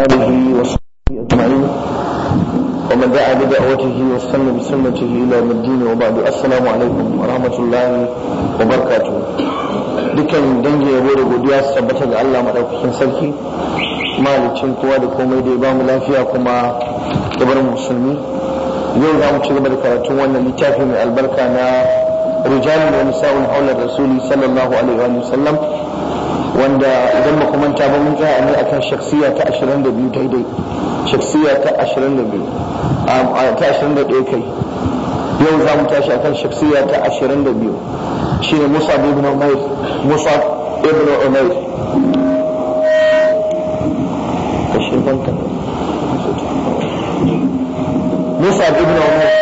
آله وصحبه أجمعين ومن دعا بدعوته واستنى بسنته إلى يوم الدين وبعد السلام عليكم ورحمة الله وبركاته dukkan dangi yabo da godiya su tabbata ga Allah maɗaukakin sarki malicin kowa da komai da ya bamu lafiya kuma da bar musulmi yau za mu ci gaba da karatun wannan littafi mai albarka na rijali wa nisa'un haular rasuli sallallahu alaihi wa sallam wanda idan ba kuma ta ba mun tsaya ne akan shaksiya ta 22 ta dai shaksiya ta 22 ta 21 kai yau za mu tashi akan shaksiya ta 22 shine Musa ibn Umair Musa ibn Umair Musa ibn Umair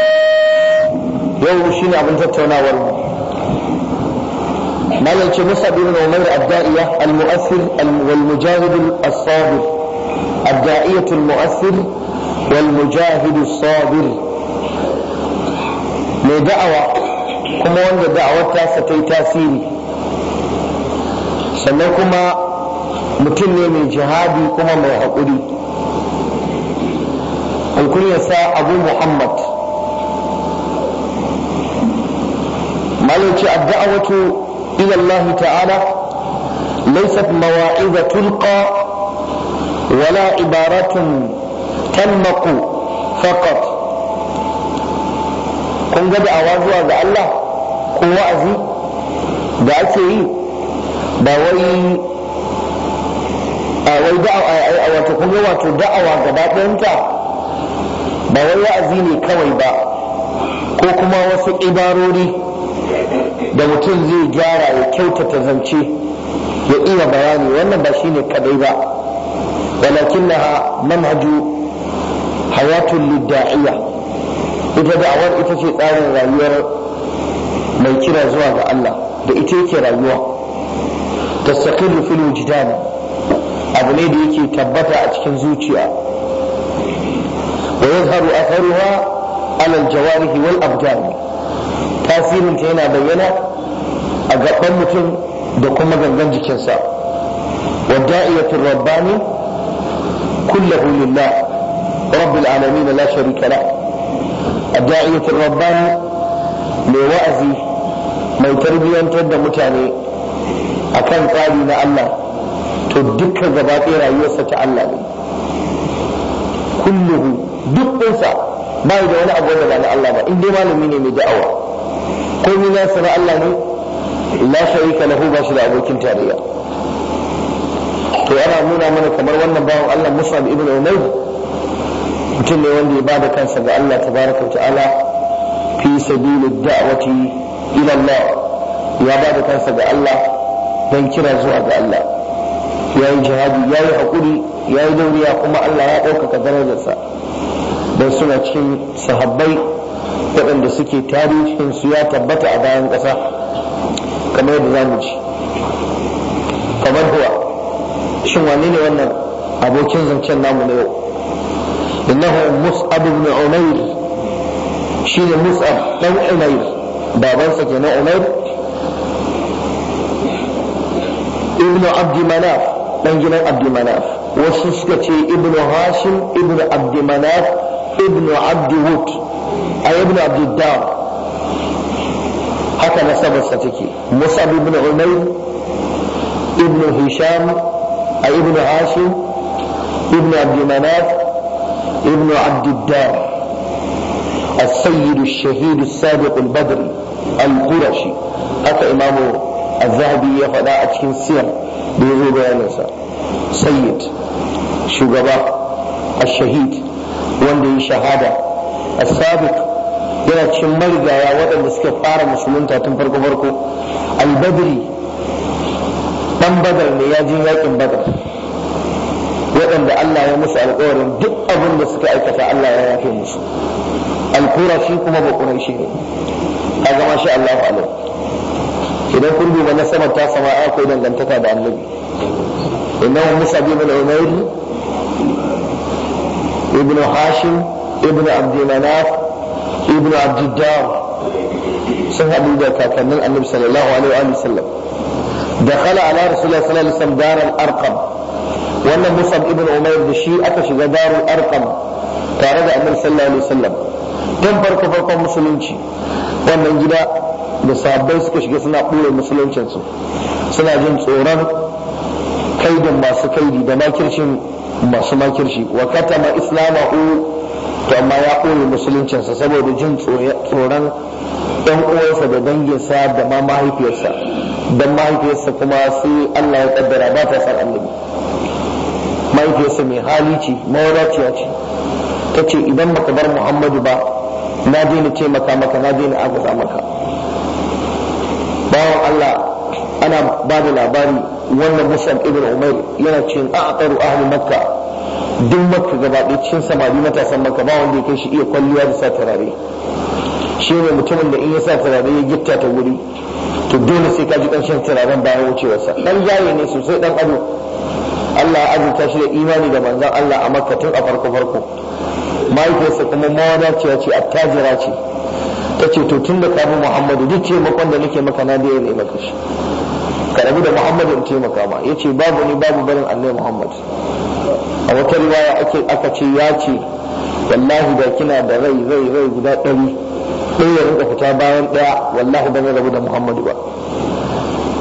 yau shine abin tattaunawar ما لك مصعب بن عمير الدائية المؤثر والمجاهد الصابر الدائية المؤثر والمجاهد الصابر mai da'awa kuma wanda da'awar tasa ta yi tasiri sannan kuma mutum ne mai jihadi kuma mai haƙuri alkunyarsa abu muhammad malauci addu'awatu إلى الله تعالى ليست مواعظ تلقى ولا عبارات تنمق فقط kun ga da'awa zuwa ga Allah ko wa'azi da ake yi ba wai a wai da'awa wato kun ga wato da'awa gaba ɗayanta ba wai wa'azi ne kawai ba ko kuma wasu ibarori da mutum zai gyara ya kyautata zance ya iya bayani wannan ba shine kadai ba walakinnaha manhaju hayatun lidda'iya ita da'awar ita ce tsarin rayuwar mai kira zuwa ga Allah da ita yake rayuwa tastaqillu fil wujdan abu ne da yake tabbata a cikin zuciya wa yazharu atharuha ala al-jawarih wal abdan tasirin ta yana bayyana a gaban mutum da kuma gangan jikinsa wadda'iyatun rabbani kullahu lillah rabbil alamin la sharika la adda'iyatul rabbani mai wa'azi mai tarbiyantar da mutane akan tsari na Allah to dukkan gaba ɗaya rayuwarsa ta Allah ne kulluhu dukkansa bai da wani abu da na Allah ba in dai malami ne mai da'awa komai nasa na Allah ne la sharika lahu ba shi da abokin tarayya to ana nuna mana kamar wannan bawan Allah Musa ibn Umayr mutum ne wanda ya bada kansa ga Allah tabaraka wa ta'ala fi sabilid da'wati ila Allah ya bada kansa ga Allah dan kira zuwa ga Allah ya yi jihadi ya yi haƙuri ya yi dauriya kuma Allah ya ɗaukaka darajarsa Dan suna cikin sahabbai waɗanda suke su ya tabbata a bayan ƙasa kamar yadda za mu ji kamar huwa shin wane ne wannan abokin zancen namu na yau innahu mus'ab ibn umair shine mus'ab dan umair babansa kenan umair ibn abd manaf dan gidan abd manaf wasu suka ce ibn hashim ibn abd manaf ibn abd wud ay ibn abd dar haka na nasabarsa take musab ibn umayr ibn hisham a ibn hashim ibn abd manaf ibn abd dar السيد الشهيد السابق البدري القرشي haka imamu azhabi ya faɗa a cikin siyar da ya zo bayaninsa sayyid shugaba a shahid wanda ya shahada a sabiq yana cikin marigaya waɗanda suka fara musulunta tun farko farko albadri dan badar ne ya je yakin badar waɗanda Allah ya musu alƙawarin duk abin da suka aikata Allah ya yafe musu shi kuma ba shi ne a zama shi Allahu alam idan kun duba na sama ta sama akwai dangantaka da annabi innahu musa bin al-umayri ibn hashim ibn abd manaf ibn abdiddar sun haɗu da kakannin annabi sallallahu alaihi wa sallam da khala ala rasulullah sallallahu alaihi wasallam darul arqam wannan musab ibn umair da shi aka shiga darul arqam tare da annabi sallallahu alaihi wasallam tun farko farkon musulunci wannan gida da sabbai suka shiga suna ɓoye musuluncinsu suna jin tsoron kaidin masu kaidi da makircin masu makirci wa katama islamahu to amma ya koyi musuluncinsa saboda jin tsoron ɗan uwansa da danginsa da ma mahaifiyarsa don mahaifiyarsa kuma sai Allah ya ƙaddara ba ta san annabi mahaifiyarsa mai hali ce mawadaciya ce ta ce idan baka bar muhammadu ba na je ni taimaka maka na je ni agaza maka bawan Allah ana ba da labari wannan musan ibn umar yana ce a aqaru ahli makka duk makka gaba ɗaya cikin samari matasan makka ba wanda ya kai shi iya kwalliya da sa turare shi ne mutumin da in ya sa turare ya gitta ta wuri to dole sai ka ji ƙarshen turaren bayan wucewarsa ɗan jaye ne sosai ɗan ado Allah ya azurta shi da imani da manzan Allah a makka tun a farko farko mahaifiyarsa kuma mawadaciya ce attajira ce ta ce to tun da kafin muhammadu duk taimakon da nake maka na da ya maka shi ka rabu da muhammadu in taimaka ma ya ce babu ni babu barin allai muhammad a wata riwaya ake aka ce ya ce wallahi da kina da rai rai rai guda ɗari ɗaya ya rinka fita bayan ɗaya wallahi ba zai rabu da muhammadu ba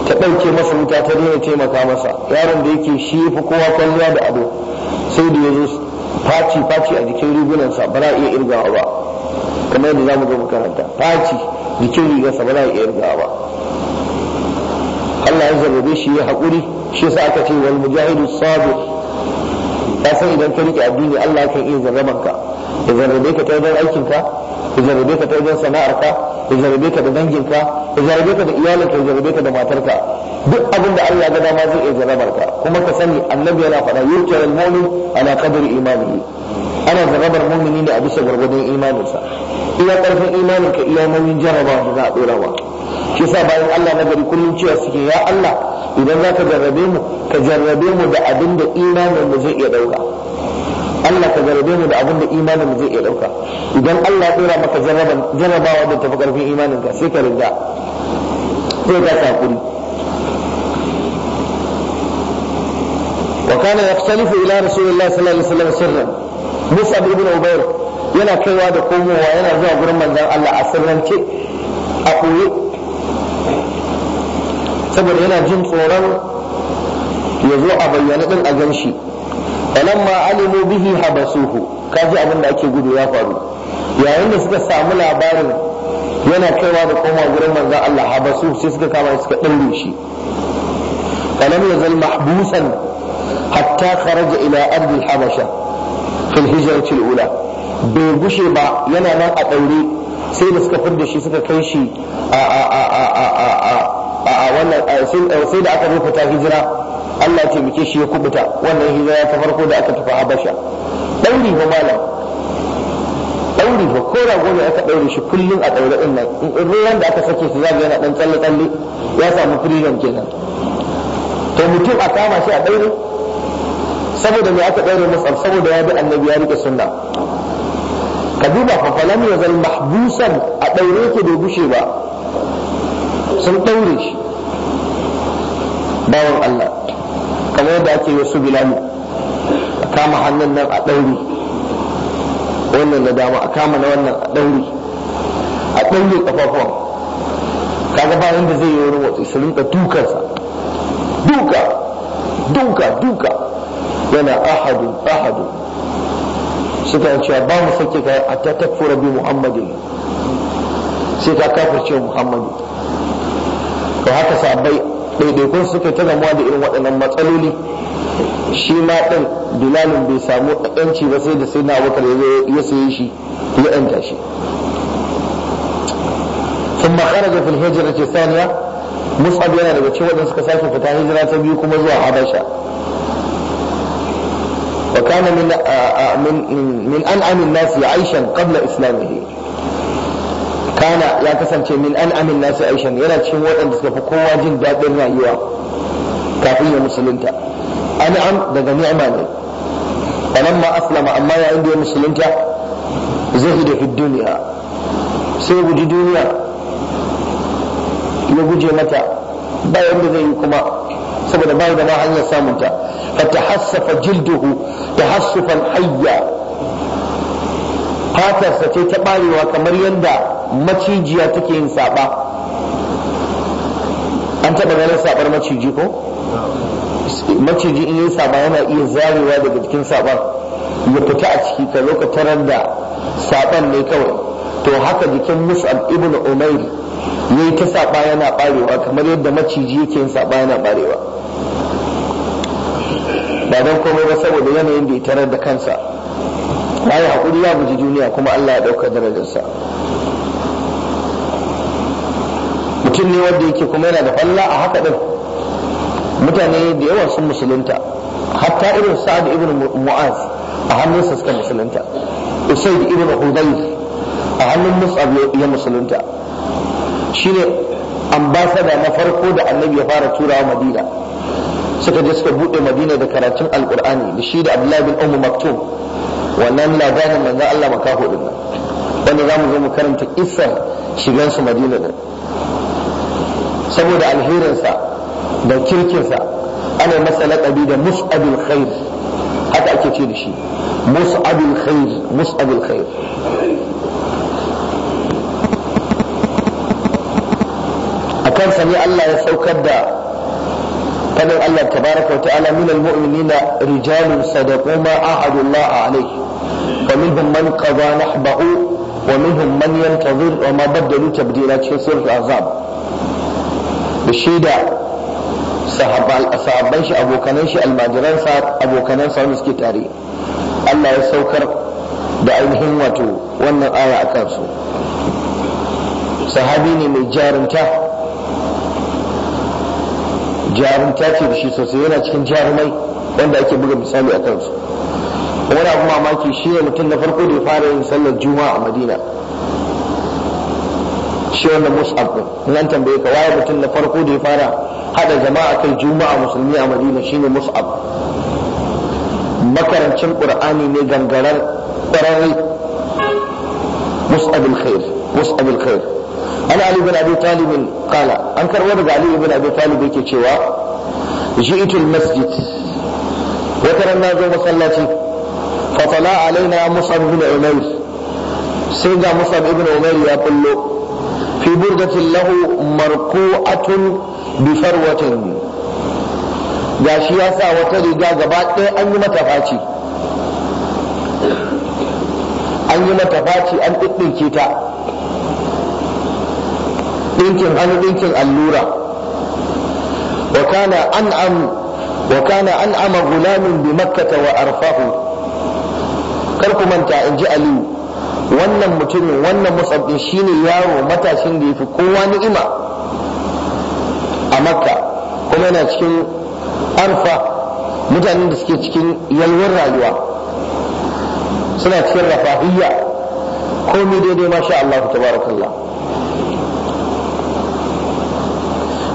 ta ɗauke masa wuta ta daina taimaka masa yaron da yake shi fi kowa kwalliya da ado sai da ya zo faci faci a jikin rigunansa ba za a iya irgawa ba kamar yadda za mu gaba makaranta faci jikin rigarsa ba za a iya irgawa ba Allah ya zarrabe shi ya hakuri shi sa aka ce wal mujahidu sabir ka san idan ka rike addini Allah kan iya jarraban ka ya jarrabe ka ta wajen aikin ka ya jarrabe ka ta wajen sana'ar ka ya jarrabe ka da dangin ka ya jarrabe ka da iyalin ka ya ka da matar ka duk abin da Allah ga dama zai iya jarrabar ka kuma ka sani annabi yana faɗa yurkar al-mu'min ala qadri imanihi ana jarrabar mu'mini ne a bisa gargadin imaninsa iya karfin imanin ka iya nauyin jarrabawa da za a dora wa shi sa bayan Allah na gari kullum cewa suke ya Allah idan za ka jarrabe mu ka jarrabe mu da abin da imanin mu zai iya dauka Allah ka jarrabe mu da abin da imanin mu zai iya dauka idan Allah ya dora maka jarrabawa da tafi karfin imanin ka sai ka riga sai ka sakuri وكان يختلف إلى رسول الله صلى الله عليه وسلم سرا مصعب ابن عبير yana kaiwa da komowa yana zuwa gurin manzon Allah a sirrance a koyo saboda yana jin tsoron ya zo a bayyana din a gan shi falamma alimu bihi habasuhu kaji abin da ake gudu ya faru yayin da suka samu labarin yana kaiwa da koma gurin manzon Allah habasuhu sai suka kama suka dinne shi falam yazal mahbusan hatta kharaja ila ardi habasha fi hijrati ula bai gushe ba yana nan a daure sai da suka fidda shi suka kai shi a a wannan sai da aka rufuta hijira Allah ya taimake shi ya kubuta wannan hijira ta farko da aka tafi Habasha dauri ba malam dauri ba ko rago ne aka daure shi kullum a daure din nan in ruwan da aka sake shi zaka yana dan tsalle tsalle ya samu freedom kenan to mutum a kama shi a daure saboda me aka daure masa saboda ya bi annabi ya rike sunna ka duba fa falam yazal mahbusan a daure yake bai gushe ba sun daure shi bawan Allah kamar yadda ake wasu bilali a kama hannun nan a ɗauri wannan da dama a kama na wannan a ɗauri a ɗaure ƙafafuwan kaga bayan da zai yi wani watsi su rinka dukansa duka duka duka yana ahadu ahadu suka cewa ba mu sake kayan a ta tafura bi muhammadin sai ta kafirce muhammadu to haka sabai ɗaiɗaikun suka ta gamuwa da irin waɗannan matsaloli shi ma ɗin bilalin bai samu ƴanci ba sai da sai na abokar ya saye shi ya ɗanta shi sun makara ga filhijira ce saniya musab yana daga ce waɗanda suka sake fita hijira ta biyu kuma zuwa habasha وكان من من من انعم الناس aishan قبل اسلامه kana ya kasance min an amin nasu aishan yana cikin waɗanda suka fi kowa jin daɗin rayuwa kafin ya musulunta an'am daga ni'ama ne falamma aslama amma yayin da ya musulunta zahida fi duniya sai guji duniya ya guje mata ba yadda zai yi kuma saboda bai da ma hanyar samunta hatta hassafa jilduhu tahassufan hayya fatarsa ce ta barewa kamar yadda macijiya take yin saba an taɓa ganin sabar maciji ko maciji in yi saba yana iya zarewa daga jikin saban ya fita a ciki ka zo ka da saban ne kawai to haka jikin mus'ab ibn umair ya ta saba yana barewa kamar yadda maciji yake yin saba yana barewa ba don komai ba saboda yanayin da ya tarar da kansa ya yi haƙuri ya guji duniya kuma allah ya ɗauka darajarsa mutum ne wanda yake kuma yana da falla a haka din mutane da yawa sun musulunta hatta irin sa'ad ibn mu'az a sa suka musulunta usaid ibn hudayr a hannun mus'ab ya musulunta shine ambasada na farko da annabi ya fara turawa madina suka je suka bude madina da karatun alkur'ani da shi da abdullahi bin ummu maktum wannan labarin manzo Allah makaho din nan wanda zamu zo mu karanta isar shigansu madina din saboda alherinsa da kirkinsa ana matsala laƙabi da mus'abul khair haka ake ce da shi mus'abul khair khair a kansa ne Allah ya saukar da فلو الله تبارك وتعالى من المؤمنين رجال صدقوا ما عاهدوا الله عليه فمنهم من قضى نحبه ومنهم من ينتظر وما بدلوا تبديلات في سورة الأعزاب da shi da sahabban shi abokanan shi almajiransa abokanan sa wanda suke tare Allah ya saukar da ainihin wato wannan aya a kansu sahabi ne mai jarumta jarumta ce da shi sosai yana cikin jarumai wanda ake buga misali a kansu wani abu mamaki shi ne mutum na farko da ya fara yin sallar juma'a a madina shi wannan mus'ab din nan tambaye ka waye mutum na farko da ya fara hada jama'a kai juma'a musulmi a madina shine mus'ab makarancin qur'ani ne gangarar qur'ani mus'ab al-khair mus'ab al-khair an ali bin abi talib qala an karwa daga ali bin abi talib yake cewa ji'tu al-masjid wa kana nazo masallaci fa tala alaina mus'ab bin umair sai ga mus'ab ibn umair ya kullo fi burdatin lahu marku'atun bi farwatin gashi ya sa wata riga gaba ɗaya an yi mata faci an yi mata faci an ɗinɗinke ta ɗinkin hannu ɗinkin allura wa kana an ama gulamin bi makkata wa arfahu kar ku manta in ji aliyu wannan mutumin wannan musabbin shine yaro matashin da ya fi kowa ni'ima a makka kuma yana cikin arfa mutanen da suke cikin yalwar rayuwa suna cikin rafahiyya komai daidai masha Allah tabarakallah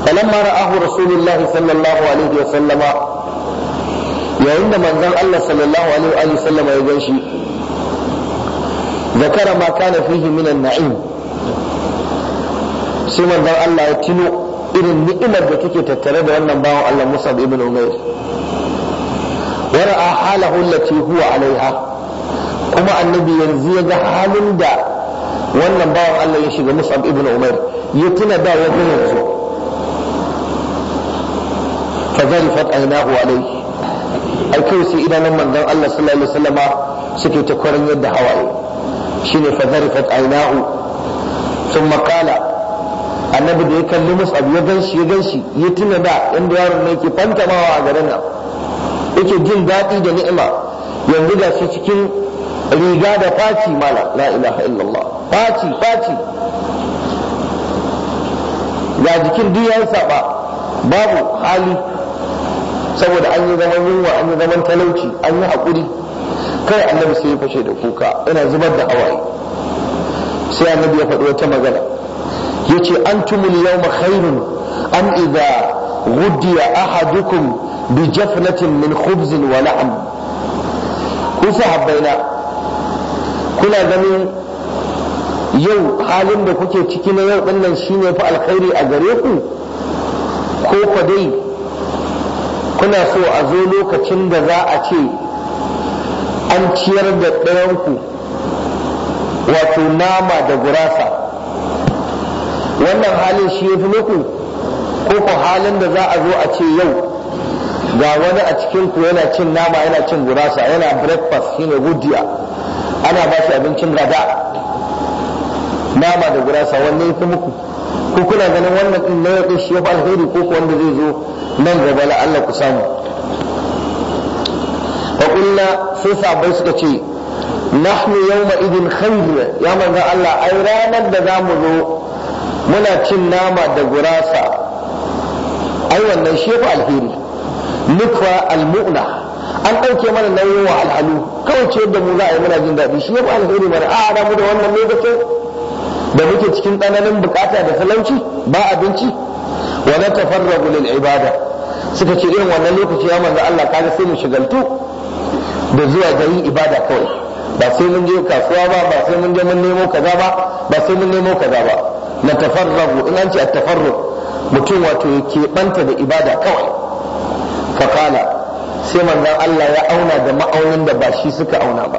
فلما رآه رسول الله صلى الله عليه وسلم يا إن من الله صلى الله عليه وآله وسلم يجنشي zakara ma kana fihi minan na'im sai manzon Allah ya tino irin ni'imar da take tattare da wannan bawan Allah Musa ibn Umair wara'a halahu allati huwa alaiha kuma annabi yanzu ya ga halin da wannan bawan Allah ya shiga Musa ibn Umair ya tuna da ya ga yanzu fa zarifat aynahu alaihi ai kai sai idanun manzon Allah sallallahu alaihi suke ta yadda hawaye shine fazarifat zarifat ainahu thumma qala annabi da ya kalli abu ya ganshi ya ganshi ya tuna da inda yaron ne yake fantamawa a garin nan yake jin daɗi da ni'ima yanzu da shi cikin riga da faci mala la ilaha illallah faci faci ga jikin duk ya saba babu hali saboda an yi zaman yunwa an yi zaman talauci an yi haƙuri kai annabi sai ya fashe da kuka ina zubar da hawaye sai annabi ya faɗi wata magana yace antumul yawma khairun am idza غدي أحدكم min من خبز ولحم kusa habbaina kuna ganin yau halin da kuke ciki na yau shi shine fa alkhairi a gare ku ko fa dai kuna so a zo lokacin da za a ce an ciyar da ɗayanku wato nama da gurasa wannan halin shi ya fi muku ko ku halin da za a zo a ce yau ga wani a cikinku yana cin nama yana cin gurasa yana breakfast ne gudiya ana ba shi abincin gada nama da gurasa wannan ya fi muku ko kuna ganin wannan ɗin na yau shi ya fi alheri ko wanda zai zo nan gaba la'allah ku samu faƙulla sai sabai suka ce nahnu yawma idin khair ya manzo Allah ai ranar da za mu zo muna cin nama da gurasa ai wannan shi fa alheri nukwa almu'na an ɗauke mana nauyin wa alhalu kawai ce da mu za a yi muna jin daɗi shi fa alheri mana a da mu da wannan lokacin da muke cikin tsananin bukata da talauci ba abinci wa na tafarragu lil ibada suka ce irin wannan lokaci ya manzo Allah kaga sai mu shigaltu da zuwa ga yin ibada kawai ba sai mun je kasuwa ba ba sai mun je mun nemo kaza ba ba sai mun nemo kaza ba na tafarragu in an ce a tafarrug mutum wato ya ɓanta da ibada kawai fakala sai manzon Allah ya auna da ma'aunin da ba shi suka auna ba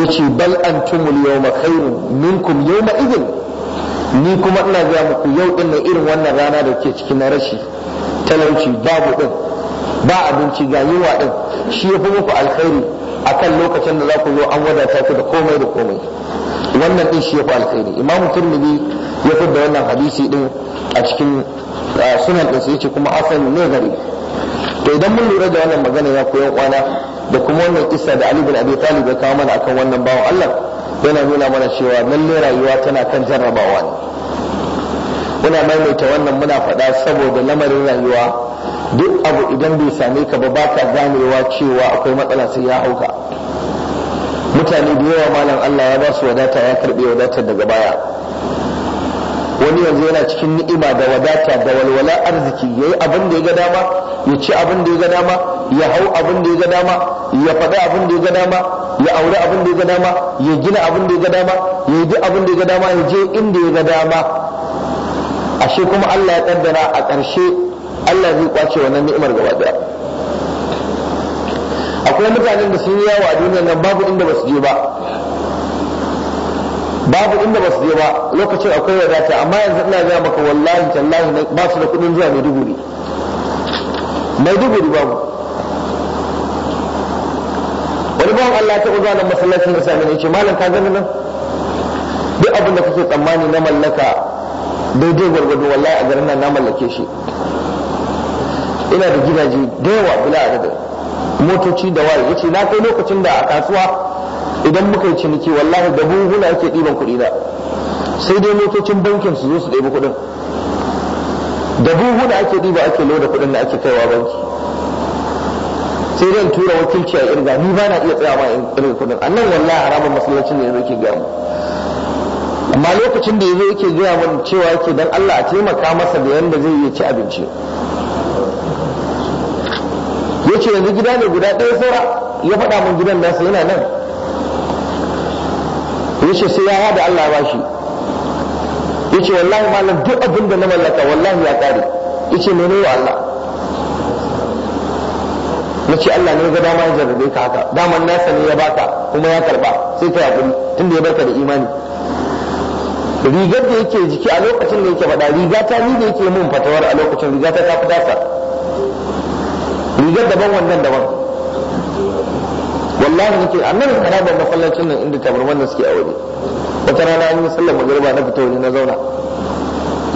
yace bal antumul yawma khairun minkum yawma idin ni kuma ina ga muku yau din irin wannan rana da ke cikin na rashi talauci babu din ba abinci ga ɗin din shi ya fi muku alkhairi akan lokacin da za ku zo an wadata ku da komai da komai wannan din shi ya fi alkhairi imam turmidi ya fi da wannan hadisi din a cikin sunan din sai ce kuma asan ne gari to idan mun lura da wannan magana ya koyan kwana da kuma wannan kissa da Ali bin Abi Talib ya kawo mana akan wannan bawan Allah yana nuna mana cewa lalle rayuwa tana kan jarrabawa ne muna maimaita wannan muna faɗa saboda lamarin rayuwa duk abu idan bai same ka ba baka ganewa cewa akwai matsala sai ya hauka mutane da yawa malam Allah ya ba su wadata ya karbe wadata daga baya wani yanzu yana cikin ni'ima da wadata da walwala arziki ya yi abin da ya ga dama ya ci abin da ya ga dama ya hau abin da ya ga dama ya faɗi abin da ya ga dama ya aure abin da ya ga dama ya gina abin da ya ga dama ya yi duk abin da ya ga dama ya je inda ya ga dama ashe kuma Allah ya kaddara a ƙarshe Allah zai kwace wannan ni'imar gaba daya akwai mutanen da sun yi yawo a duniyar nan babu inda basu je ba babu inda basu je ba lokacin akwai wadata amma yanzu ina ga maka wallahi tallahi ba su da kudin zuwa Maiduguri Maiduguri babu wani bawan Allah ta uzuwa nan masallacin da sami ne ce malam ka gani nan duk abin da kake tsammani na mallaka daidai gwargwado wallahi a garin nan na mallake shi ina da gidaje da yawa bila adadin motoci da waye yace na kai lokacin da a kasuwa idan muka yi ciniki wallahi da buhuna yake ɗiban kuɗi na sai dai motocin bankin su zo su ɗebi kuɗin da buhuna ake diba ake loda kuɗin da ake kaiwa banki sai dai tura wakilci a irga ni ba na iya tsaya ma irin kuɗin annan wallahi haramun masallacin ne yake gamu amma lokacin da zo yake gaya mun cewa yake dan Allah a taimaka masa da yanda zai iya ci abinci yace yanzu gida ne guda ɗaya saura ya faɗa mun gidan nasa yana nan yace sai ya hada Allah ba shi yace wallahi malam duk abin da na mallaka wallahi ya kare yace mene wa Allah ce Allah ne ga dama ya jarrabe ka haka daman nasa ne ya baka kuma ya karba sai ka yaƙuri tunda ya baka da imani rigar da yake jiki a lokacin da yake faɗa riga ta ni da yake mun fatawar a lokacin riga ta ta fi dasa rigar daban wannan daban wallahi nake annan da masallacin nan inda tabarman da suke a waje wata rana an yi sallar magariba na fita waje na zauna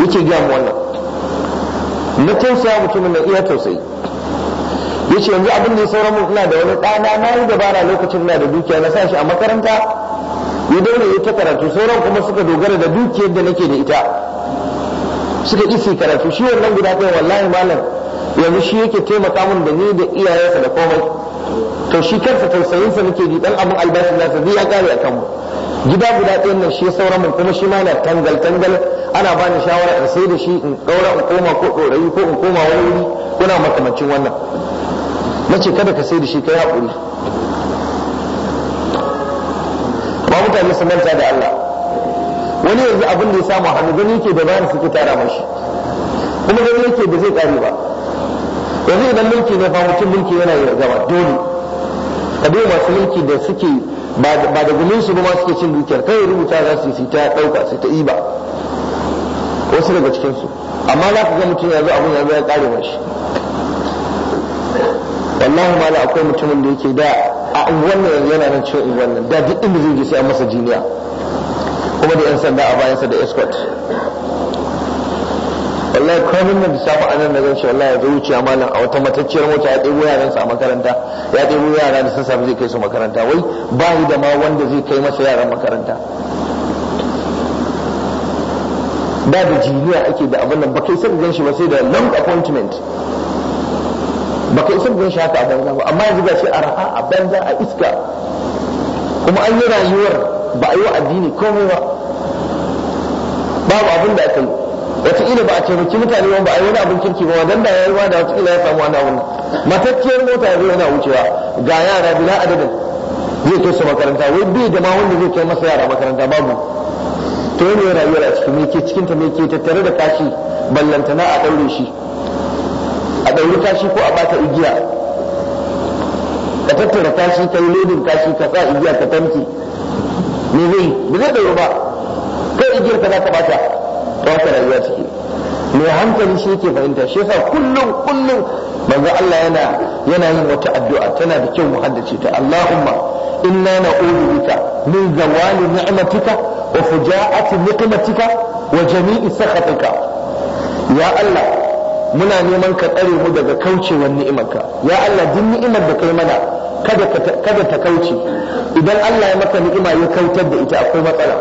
yake gaya mu wannan na tausaya mutumin na iya tausayi yace yanzu abin da ya saura mun ina da wani ɗana na yi dabara lokacin na da dukiya na sa shi a makaranta ya dole ya ta karatu sauran kuma suka dogara da dukiyar da nake da ita suka isi karatu shi wannan guda ɗaya wallahi malam yanzu shi yake taimaka mun da ni da iyayensa da komai to shi kansa tausayinsa nake ji dan abin albashi na sa ya kare akan mu gida guda ɗayan nan shi ya sauran mun kuma shi ma na tangal tangal ana ba ni shawara in sai da shi in ɗaura in koma ko ɗorayi ko in koma wani wuri kuna makamancin wannan nace kada ka sai da shi kai haƙuri amma mutane su manta da Allah wani yanzu abin da ya samu hannu gani yake da bayan suke tara mashi kuma gani yake da zai kare ba yanzu idan mulki ne fa mutum mulki yana yi gaba dole ka duba masu mulki da suke ba da gumin su ba suke cin dukiyar kai rubuta za su yi ta dauka su ta iba wasu daga cikin su amma za ka ga mutum yanzu abun yanzu ya kare mashi wallahi mala akwai mutumin da yake da a wannan yana nan cewa in wannan da duk inda zai je sai an masa jiniya kuma da 'yan sanda a bayansa da escort wallahi kwanin nan da safa anan na ganshi wallahi ya zo a malam a wata matacciyar mota ya ɗebo yaran sa a makaranta ya ɗebo yara da sassafe zai kai su makaranta wai ba da ma wanda zai kai masa yaran makaranta da da jiniya ake da abin nan ba kai sai ganshi ba sai da long appointment ba ka isa gun shaka a banza ba amma yanzu gashi arha a banza a iska kuma an yi rayuwar ba a yi wa addini komai ba babu abin da aka yi wataƙila ba a miki mutane ba a yi wani abin kirki ba wadan da ya yi da wataƙila ya samu wani abin Matakiyar mota yanzu yana wucewa ga yara bila adadin zai kai su makaranta wai bai da ma wanda zai kai masa yara makaranta babu to ne rayuwar a cikin me ke cikin ta me ke tattare da kashi ballantana a ɗaure shi ɗauri kashi ko a baka igiya ka tattara kashi ka yi lodin kashi ka sa igiya ka tanti me zai ba zai ɗauri ba kai igiyar ka za ka bata ta wata rayuwa ciki me hankali shi yake fahimta shi yasa kullum kullum manzo Allah yana yana yin wata addu'a tana da kyau mu haddace ta Allahumma inna na'udhu bika min zawali ni'matika wa fujaati niqmatika wa jami'i sakhatika ya Allah muna neman ka tsare mu daga kaucewar ni'imarka ya Allah duk ni'imar da kai mana kada ta kauce idan Allah ya maka ni'ima ya kautar da ita akwai matsala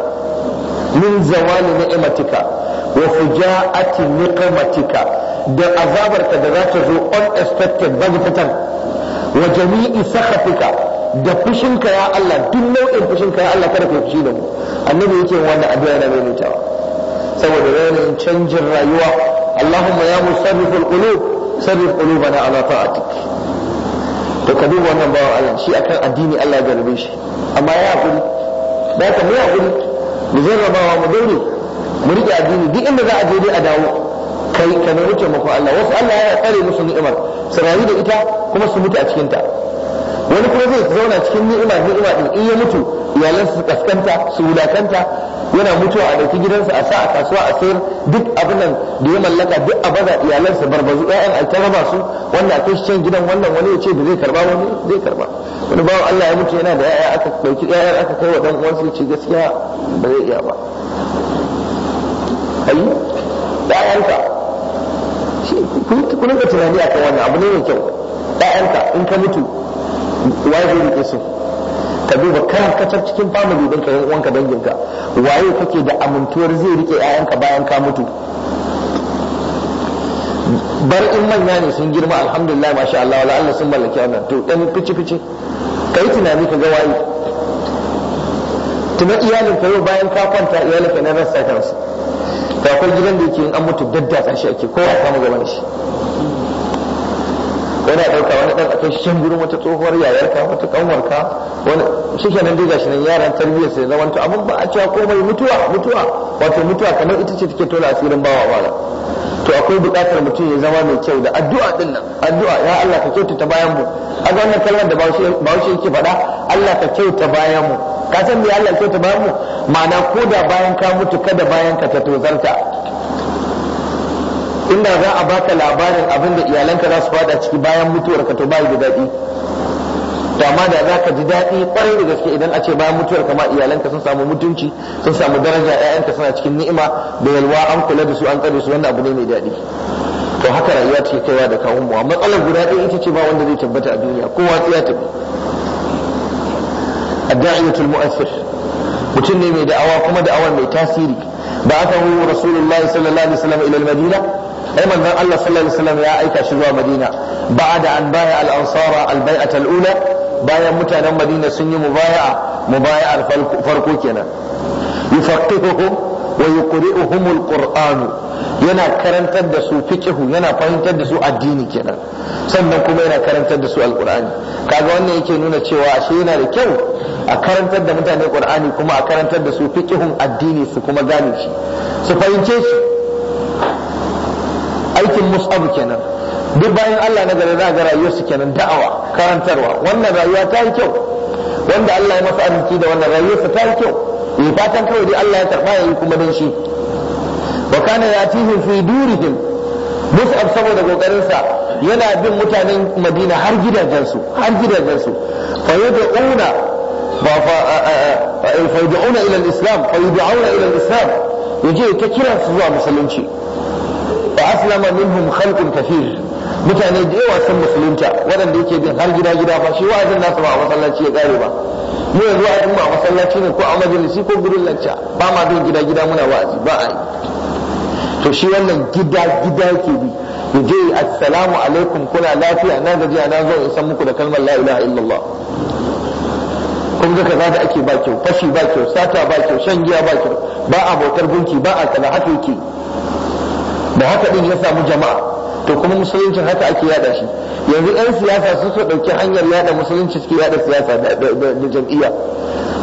min zawali ni'imatika wa fujaati niqmatika da azabarka da za ta zo unexpected bagtatan wa jami'i sakhatika da ka ya Allah duk nau'in ka ya Allah kada ka fushi da mu annabi yake wannan addu'a na mai mutawa saboda yanayin canjin rayuwa اللهم يا مصرف القلوب صرف قلوبنا على طاعتك to ka duba wannan bawa Allah shi akan addini Allah ya garbe shi amma ya hakuri da ka mu hakuri mu jarrabawa mu daure mu riƙe addini duk inda za a je dai a dawo kai ka nemi taimakon Allah wasu Allah ya tsare musu ni'imar su rayu da ita kuma su mutu a cikin ta wani kuma zai zauna cikin ni'ima ni'ima din in ya mutu iyalan su kaskanta su wulakanta yana mutuwa a ɗauki gidansa a sa a kasuwa a sayar duk abin nan da ya mallaka duk a baza iyalansa barbazu ƴaƴan a ta raba su wanda a kai can gidan wannan wani ya ce da zai karba wani zai karba wani bawan Allah ya mutu yana da ƴaƴa aka ɗauki ƴaƴan aka kai wa ɗan uwansa ya ce gaskiya ba zai iya ba ayi ƴaƴanka shi ku rinka tunani akan wannan abu ne mai kyau ƴaƴanka in ka mutu wajibi ke so ka duba kan kacar cikin family ɗinka yan uwanka danginka waye kake da amintuwar zai rike 'ya'yanka bayan ka mutu bar in manya ne sun girma alhamdulillah masha Allah wala Allah sun mallaki wannan to dan fice fice kai tunani ka ga waye tuna iyalin ka yau bayan ka kwanta iyalin ka na rasa kansu to akwai gidan da yake in an mutu daddatsa shi ake kowa ya samu gaban shi wani a ɗauka wani ɗan Ka shan gurin wata tsohuwar yayarka wata kanwarka wani shi nan dai gashi nan yaran tarbiyyar sai zaman to abin ba a cewa komai mutuwa mutuwa wato mutuwa kamar ita ce take tola asirin bawa wala to akwai buƙatar mutum ya zama mai kyau da addu'a din nan addu'a ya Allah ka kyautata bayan mu a ga wannan kallon da Bahaushe yake faɗa Allah ka kyauta bayan mu ka san me Allah ya kyauta bayan mu ma'ana ko da bayan ka mutu kada bayan ka ta tozarta inda za a baka labarin abin da iyalanka za su fada ciki bayan mutuwar ka to ba da daɗi to amma da za ka ji daɗi kwarai da gaske idan a ce bayan mutuwar ka ma iyalanka sun samu mutunci sun samu daraja ƴaƴanka suna cikin ni'ima da yalwa an kula da su an tsare su wannan abu ne mai daɗi to haka rayuwa take kaiwa da kawun mu matsalar guda ɗaya ita ce ba wanda zai tabbata a duniya kowa ya tafi adda'iyatul mu'assir mutum ne mai da'awa kuma da'awa mai tasiri ba'athahu rasulullahi sallallahu alaihi wasallam ila al-madina ai manzon Allah sallallahu alaihi wasallam ya aika shi zuwa Madina ba'da an baya al-ansara al-bai'at al-ula bayan mutanen Madina sun yi mubaya'a mubaya'ar farko kenan yufaqihuhum wa yuqri'uhum al-qur'an yana karantar da su fiqhu yana fahimtar da su addini kenan sannan kuma yana karantar da su al-qur'ani kaga wannan yake nuna cewa ashe yana da kyau a karantar da mutane qur'ani kuma a karantar da su fiqhun addini su kuma gane shi su fahimce shi aikin mus'ab kenan duk bayan Allah na gari za ga rayuwarsu kenan da'awa karantarwa wannan rayuwa ta yi kyau wanda Allah ya masa aminci da wannan rayuwarsa ta yi kyau yi fatan kawai dai Allah ya karba yayi kuma dan shi wa kana yatihim fi durihim mus'ab saboda kokarin sa yana bin mutanen Madina har gidajensu har gidajensu fa yad'una ba fa yad'una ila al-islam fa yad'una ila al-islam yaje ta kiransu zuwa musulunci fa aslama minhum khalqun kathir mutane da yawa sun musulunta waɗanda yake bin har gida gida ba shi wa'azin nasu ba a masallaci ya kare ba mu yanzu wa'azin ba a masallaci ne ko a majalisi ko gurin lacca ba ma bin gida gida muna wa'azi ba a yi to shi wannan gida gida yake bi ya je assalamu alaikum kuna lafiya na gajiya na zo in san muku da kalmar la ilaha illallah kun ga kaza da ake ba kyau fashi ba kyau sata ba kyau shan giya ba kyau ba a bautar gunki ba a kaza haka yake da haka din ya samu jama'a to kuma musulunci haka ake yada shi yanzu 'yan siyasa sun so ɗauki hanyar yada musulunci suke yada siyasa da jam'iyya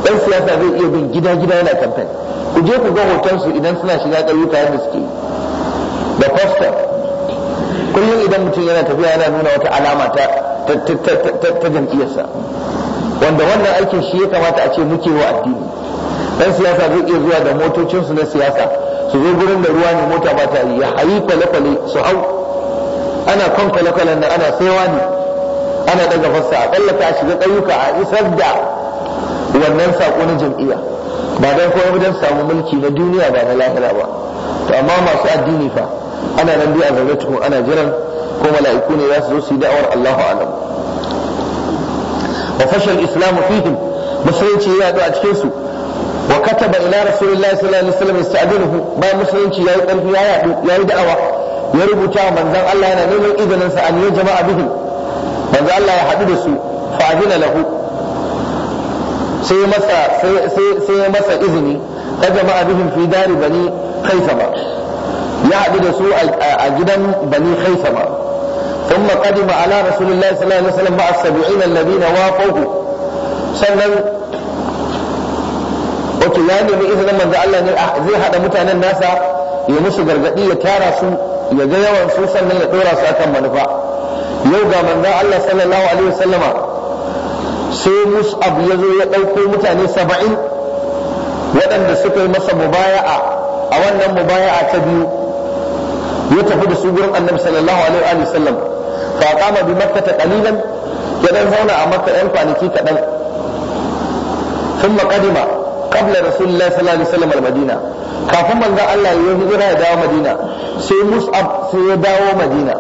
ɗan siyasa zai iya bin gida-gida yana kamfen ku je ku ga hotonsu idan suna shiga ƙauyuka yadda suke da fasta kullum idan mutum yana tafiya yana nuna wata alama ta jam'iyyarsa wanda wannan aikin shi ya kamata a ce muke wa addini ɗan siyasa zai iya zuwa da motocinsu na siyasa su zo gurin da ruwa ne mota ba ta yi ya hayi kwale-kwale su hau ana kan kwale-kwalen da ana saiwa ne ana daga fassa a tsallaka shiga ƙauyuka a isar da wannan saƙo na jam'iyya ba don kuma don samu mulki na duniya ba na lahira ba to amma masu addini fa ana nan dai a zaune tukun ana jiran ko mala'iku ne za su zo su yi da'awar Allahu alam wa fashal islamu fihim musulunci ya yaɗu a cikin su wa kataba ila rasulillahi sallallahu alaihi wasallam yasta'dinuhu bayan musulunci ya yadu yayi da'awa ya rubuta wa manzon Allah yana neman izinin sa an yi jama'a bihi manzon Allah ya hadu da su fa adina lahu sai masa izini ta jama'a bihim fi dari bani khaisama ya hadu da su a gidan bani ثم قدم على رسول الله صلى الله عليه وسلم مع السبعين الذين وافوه sannan wato ya nemi izinin manzo Allah ne zai hada mutanen nasa ya musu gargadi ya tara su ya ga yawan su sannan ya dora su akan manufa yau ga manzo Allah sallallahu alaihi wasallama sai Mus'ab ya zo ya ɗauko mutane saba'in waɗanda suka yi masa mubaya'a a wannan mubaya'a ta biyu ya tafi da su gurin annabi sallallahu alaihi wa sallam fa qama bi makkah qalilan ya dan zauna a makka ɗan kwanaki kaɗan thumma qadima Kabla rasulullahi sallallahu alaihi wasallam al kafin manzo Allah ya hijira ya dawo madina sai mus'ab sai ya dawo madina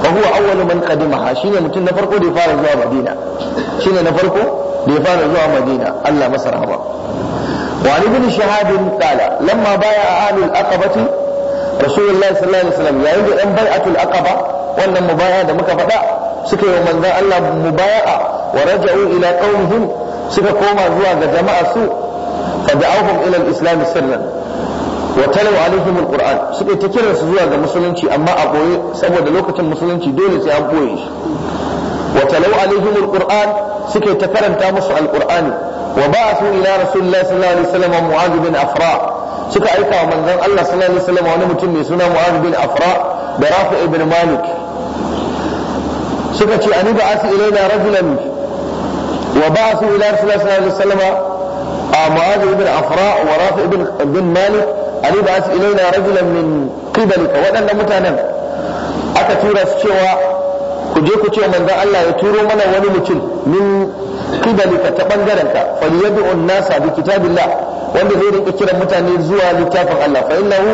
fa huwa awwalu man qadimaha shine mutum na farko da ya fara zuwa madina shine na farko da ya fara zuwa Allah وعن ابن شهاب قال لما بايع اهل العقبه رسول الله صلى الله عليه وسلم يعني ان بيعه العقبه wannan mubaya da muka faɗa suka yi manzan Allah mubaya'a wa raja'u ila suka koma zuwa ga jama'a su fada'awhum ila al-islam sirran wa talau alaihim al-qur'an ta su zuwa ga musulunci amma a boye saboda lokacin musulunci dole sai an boye shi wa talau alaihim al ta karanta musu al a wa ba'athu ila rasulillahi sallallahu alaihi wasallam bin afra suka aika wa manzon Allah sallallahu alaihi wasallam wani mutum mai suna mu'adh bin afra da rafi ibn malik suka ce ani ba'athu ilaina rajulan wa ba'athu ila rasulillahi sallallahu alaihi wasallam معاذ بن عفراء ورافع بن بن مالك أن يبعث إلينا رجلا من قبلك وأنا متانا أكتورا cewa ku je ku ce manzo Allah ya turo mana wani mutum min kibalika ta bangarenka falyad'u nasa bi kitabillah wanda zai rinka kiran mutane zuwa littafin Allah fa innahu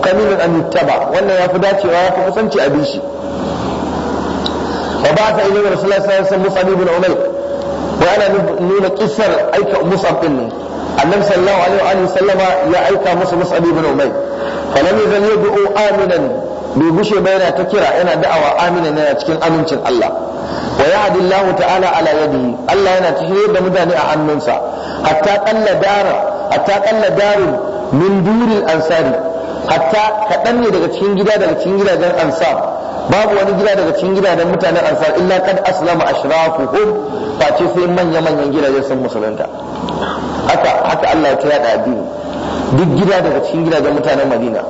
qalilun an yuttaba wannan yafi dacewa yafi kusanci a bishi fa ba ta ilayhi rasulullahi sallallahu alaihi Yana ana nuna kissar aika musab din nan annabi sallallahu alaihi wa sallama ya aika musu musab ibn umay fa lam yazal yad'u aminan bai gushe ba yana ta kira yana da'awa aminan yana cikin amincin Allah wa yahdi Allah ta'ala ala yadihi Allah yana tafiyar da mutane a hannunsa hatta qalla dara hatta qalla darun min duril ansari hatta kaɗan ne daga cikin gida daga cikin gidajen ansar babu wani gida daga cikin gidajen mutanen ansar illa kad aslama ashrafuhum ce sai manya manyan gidajen sun musulunta haka haka Allah ya yada addini duk gida daga cikin gidajen mutanen Madina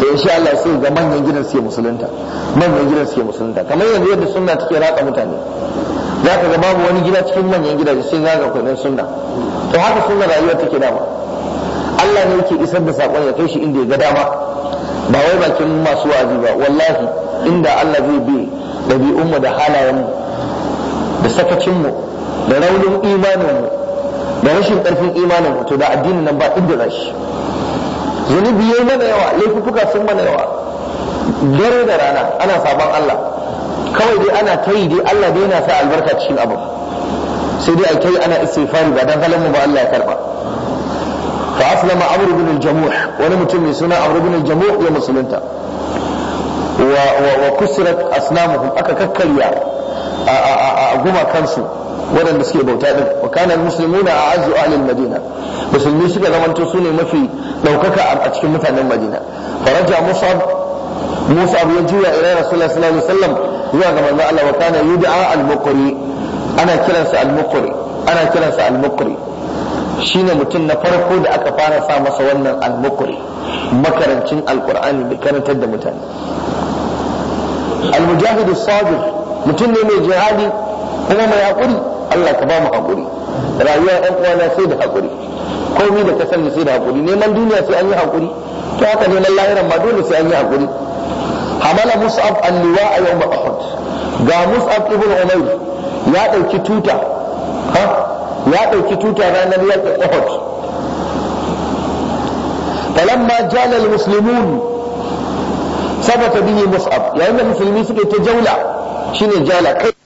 to insha Allah sai ga manyan gidan su musulunta manyan gidan su musulunta kamar yanzu yadda sunna take raka mutane za ka ga babu wani gida cikin manyan gidaje sai za ga kwanin sunna to haka sunna rayuwar take dama Allah ne yake isar da sakon ya kai shi inda ya ga dama ba wai bakin masu wa'azi ba wallahi inda Allah zai bi ɗabi'unmu da halayenmu da sakacinmu da raunin imaninmu da rashin ƙarfin imaninmu to da addinin nan ba inda shi zunubi yayi mana yawa laifuka sun mana yawa dare da rana ana saban Allah kawai dai ana ta yi dai Allah dai yana sa albarka cikin abu sai dai a kai ana istighfari ba dan halin mu ba Allah ya karba fa aslama amr ibn al-jamuh wani mutum mai suna amr ibn al-jamuh ya musulunta wa kusirat asnamuhum aka kakkarya a guma kansu waɗanda suke bauta din wa kana almuslimuna a'azzu ahli madina musulmi suka zamanto su mafi daukaka a cikin mutanen madina faraja musab musa abu ya juya ila rasulullah sallallahu alaihi wasallam zuwa ga manzo Allah wa kana yud'a al-muqri ana kiransa al-muqri ana kiransa al-muqri shine mutum na farko da aka fara sa masa wannan almukuri makarancin alkur'ani da karantar da mutane almujahidu sabir mutum ne mai jihadi kuma mai haƙuri Allah ka ba mu haƙuri rayuwa ɗan uwana sai da haƙuri komai da ka sani sai da haƙuri neman duniya sai an yi haƙuri to haka neman lahiran ma dole sai an yi haƙuri hamala mus'ab anniwa a yau ma'ahud ga mus'ab ibn umayr ya ɗauki tuta ha ya ɗauki tuta ranar yaƙi Uhud falamma jala almuslimun sabata bihi mus'ab yayin da musulmi suke ta jaula shine jala kai